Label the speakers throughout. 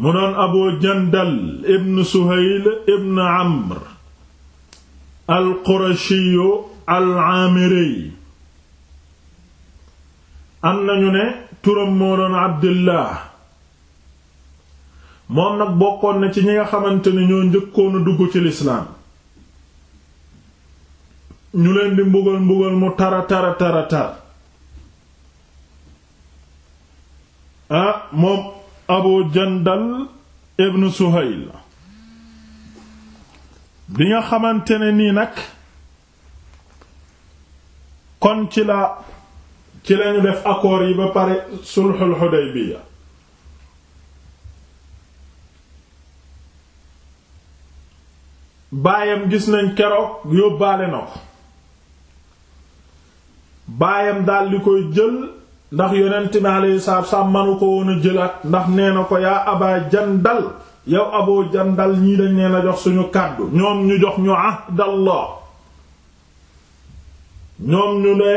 Speaker 1: mu doon abu jandal ibn suhayl ibn amr al qurashiyu al amiri am nañu ne turam moo doon abdillah moom nag bokkoon na ci ñi nga xamante ne ñoo njëkkoonu dugg ci lislaam ñu leen di mbugal mbugal mu tara tara tara tar ah moom abu jandal bi nga xamante ne nii nag kon ci la ci lañu def accord yi ba pare sulxul xudaybiya baayam gis nañ keroog yóbbaale na ko baayam daldi koy jël ndax yonent bi alayhi salaatu wasalaam manu ko woon jëlaat ndax nee na ko yaa abaa jandal yow aboo jandal ñii dañ nee na jox suñu kàddu ñoom ñu jox ñu ahdallah ñoom ñu ne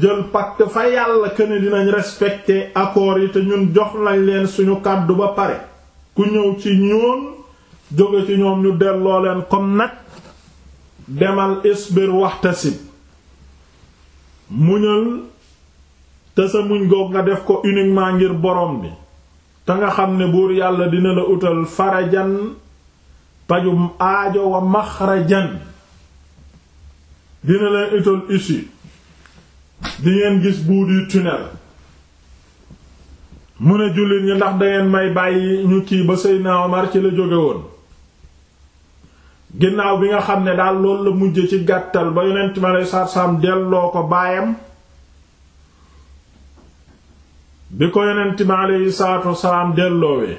Speaker 1: jël pacte fa yàlla këne dinañ respecter accords yi te ñun jox lañ leen suñu kàddu ba pare ku ñëw ci ñoon jóge ci ñoom ñu delloo leen comme nag demal isbir waxtasib muñal te sa muñ goog nga def ko uniquement ngir borom bi te nga xam ne buur yàlla dina la utal farajan pajum aajo wa jan dina leen utal issue di ngeen gis buur du tunnel mu ne jullit ñi ndax dangeen may bàyyi ñu kii ba Seydina Omar ci la jóge woon ginnaaw bi nga xam ne daal lool la mujj ci gàttal ba yonent ma lay sarsam delloo ko baayam bi ko yonent bi aleyhi salaatu wasalaam delloowee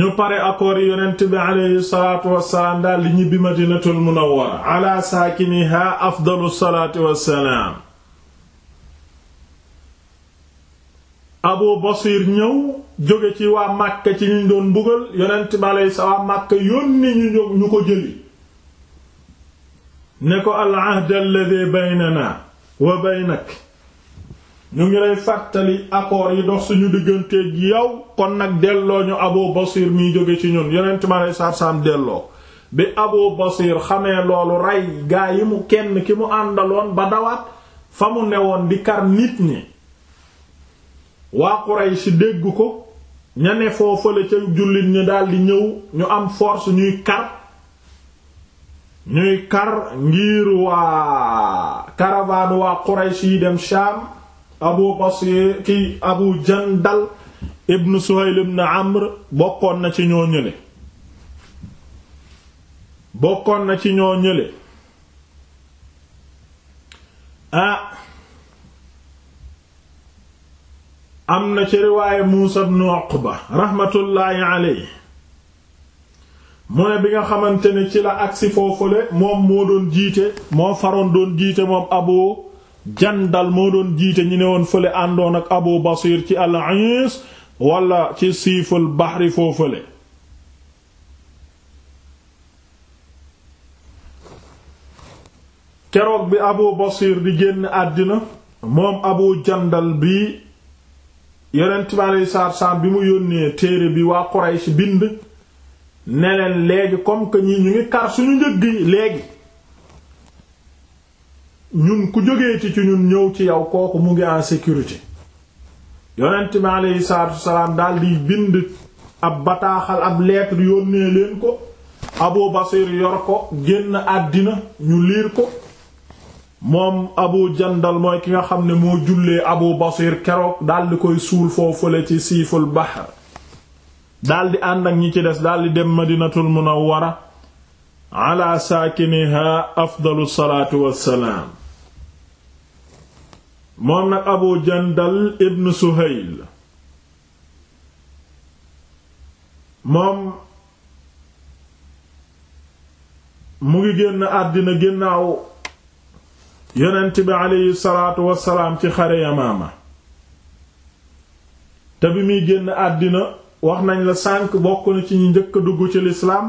Speaker 1: ñu pare accord yi yonent bi aleyhi salaatu wasalaam daal ñibbi madinatul munawwara ala saakiniha afdalu salaati wassalaam abu basir ñëw jóge ci waa màkka ci ñu doon mbugal yonent bi aleyhi salaatu waa màkka yónni ñu ñu ko jëli ne ko al ahd alladhi baynana wa baynak ñu ngi lay fàttali accords yi dox suñu digganteeg yow kon nag delloo ñu Abu Basir miy jóge ci ñun yonent ma lay saam delloo bi Abu Basir xamee loolu rey gaa yi mu kenn ki mu àndaloon ba dawaat fa mu newoon di kar nit ñi waa Quraysh dégg ko ña ne foofale ca jullit ñi daldi ñëw ñu am force ñuy kar ñuy kar ngir waa caravane waa Quraysh yi dem Sham abu basir ki abu jandal ibn suhayl ibn amr bokkoon na ci ñoo ñële bokkoon na ci ñoo ñële ah am na ci riwaaye muusa ibn uqba raxmatullaahi alayhi mu bi nga xamante ne ci la agsi foofule moom moo doon jiite moo faroon doon jiite moom abu jandal moo doon jiite ñu ne woon fële àndoon ak abu basir ci ala is wala ci siiful baxri foo fële keroog bi abu basir di génn àddina moom abu jandal bi yonent bi aleyhi bi mu yónnee téere bi waa Quraysh bind ne leen léegi comme que ñi ñu ngi kar suñu njëg yi léegi ñun ku jógee ci ñun ñëw ci yow kooku mu ngi en sécurité yonent bi aleyhi salaatu wasalaam daal bind ab bataaxal ab lettre yónnee leen ko Abu Basir yor ko génn àddina ñu liir ko moom Abu Jandal mooy ki nga xam ne moo jullee Abu Basir keroog daal koy suul foofule ci siiful bahr daal ànd ak ñi ci des daal dem Madinatul Munawwara ala saakiniha afdalu salaatu wassalaam moom nag abu jandal ibn suhayl moom mu ngi génn àddina ginnaaw yonent bi aleyhi salaatu wasalaam ci xare yamaama te bi muy génn àddina wax nañ la sànk bokk ci ñi njëkk a dugg ci lislaam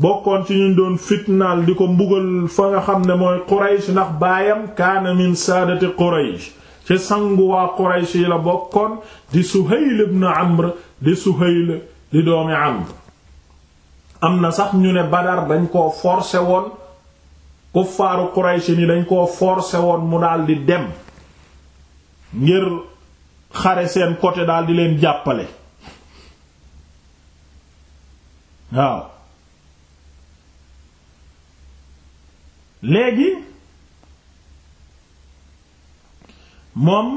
Speaker 1: bokkoon ci ñu doon fitnaal di ko mbugal fa nga xam ne mooy Quraysh ndax baayam kaana min saadati Quraysh ci sangu waa Quraysh yi la bokkoon di Suhayl ibn Amr di Suhayl di doomi Amr am na sax ñu ne Badar dañ koo forcer woon kuffaaru Quraysh ni dañ koo forcer woon mu daal di dem ngir xare seen côté daal di leen jàppale waaw léegi moom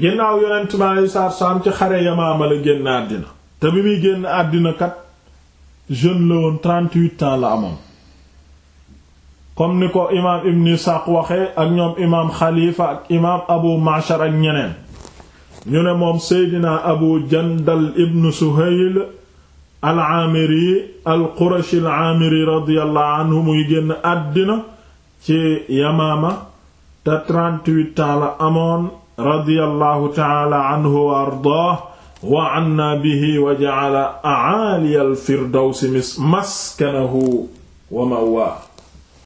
Speaker 1: ginnaaw yonent mi aleyhi salaatu ci xare Yamaama la génn àddina te bi muy génn àddina kat jeune la woon trente-huit ans la amoon comme ni ko imaam Ibn Isaaq waxee ak ñoom imaam Xalifa ak imaam Abu Ma'shar ak ñeneen ñu ne moom Seydina Abu Jandal Ibn Suhayl al-Aamiri al-Qurashi al-Aamiri radiyallahu anhu muy génn àddina ci yamaama te 38 ans la amoon radiyallahu taala anhu wa ardaah wa anna bihi wa ja'ala a'ali al-firdawsi maskanahu wa ma'waahu